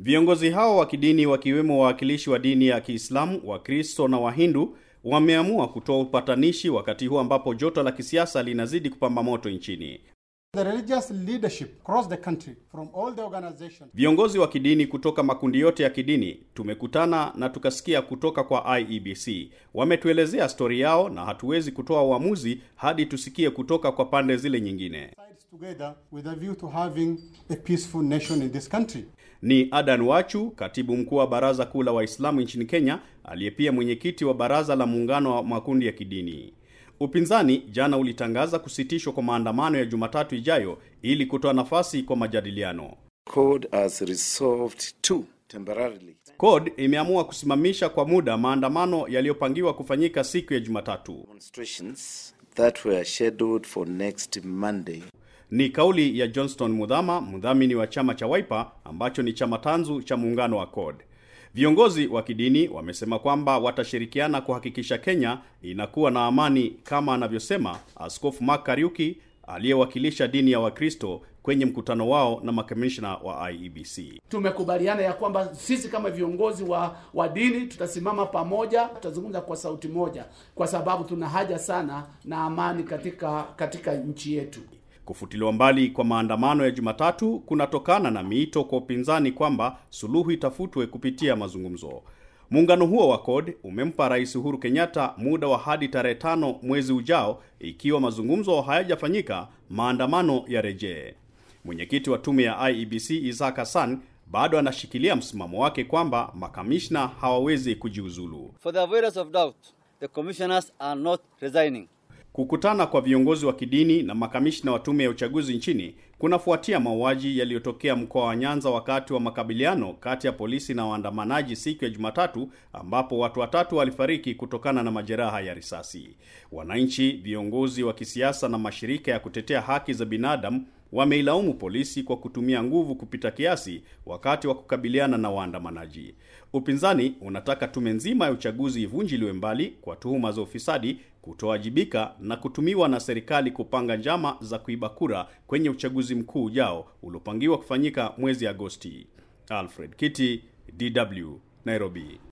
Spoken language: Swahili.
Viongozi hao wa kidini wakiwemo wawakilishi wa dini ya Kiislamu, Wakristo na Wahindu wameamua kutoa upatanishi wakati huu ambapo joto la kisiasa linazidi kupamba moto nchini. The religious leadership across the country from all the organizations. Viongozi wa kidini kutoka makundi yote ya kidini tumekutana na tukasikia kutoka kwa IEBC. Wametuelezea stori yao na hatuwezi kutoa uamuzi hadi tusikie kutoka kwa pande zile nyingine. Ni Adan Wachu, katibu mkuu wa Baraza Kuu la Waislamu nchini Kenya, aliye pia mwenyekiti wa baraza la muungano wa makundi ya kidini. Upinzani jana ulitangaza kusitishwa kwa maandamano ya Jumatatu ijayo ili kutoa nafasi kwa majadiliano. Code has resolved to temporarily. Code imeamua kusimamisha kwa muda maandamano yaliyopangiwa kufanyika siku ya Jumatatu. Demonstrations that were scheduled for next Monday. Ni kauli ya Johnston Mudhama, mdhamini wa chama cha Wiper ambacho ni chama tanzu cha muungano wa cod Viongozi wa kidini wamesema kwamba watashirikiana kuhakikisha Kenya inakuwa na amani, kama anavyosema Askofu Mark Kariuki aliyewakilisha dini ya Wakristo kwenye mkutano wao na makamishna wa IEBC. Tumekubaliana ya kwamba sisi kama viongozi wa, wa dini tutasimama pamoja, tutazungumza kwa sauti moja, kwa sababu tuna haja sana na amani katika katika nchi yetu. Kufutiliwa mbali kwa maandamano ya Jumatatu kunatokana na miito kwa upinzani kwamba suluhu itafutwe kupitia mazungumzo. Muungano huo wa CORD umempa Rais Uhuru Kenyatta muda wa hadi tarehe tano mwezi ujao, ikiwa mazungumzo hayajafanyika, maandamano yarejee. Mwenyekiti wa tume ya IEBC Isaac Hassan bado anashikilia msimamo wake kwamba makamishna hawawezi kujiuzulu. For the avoidance of doubt, the commissioners are not resigning. Kukutana kwa viongozi wa kidini na makamishna wa tume ya uchaguzi nchini kunafuatia mauaji yaliyotokea mkoa wa Nyanza wakati wa makabiliano kati ya polisi na waandamanaji siku ya Jumatatu, ambapo watu watatu walifariki kutokana na majeraha ya risasi. Wananchi, viongozi wa kisiasa na mashirika ya kutetea haki za binadamu wameilaumu polisi kwa kutumia nguvu kupita kiasi wakati wa kukabiliana na waandamanaji. Upinzani unataka tume nzima ya uchaguzi ivunjiliwe mbali kwa tuhuma za ufisadi, kutowajibika na kutumiwa na serikali kupanga njama za kuiba kura kwenye uchaguzi mkuu ujao uliopangiwa kufanyika mwezi Agosti. Alfred Kiti, DW, Nairobi.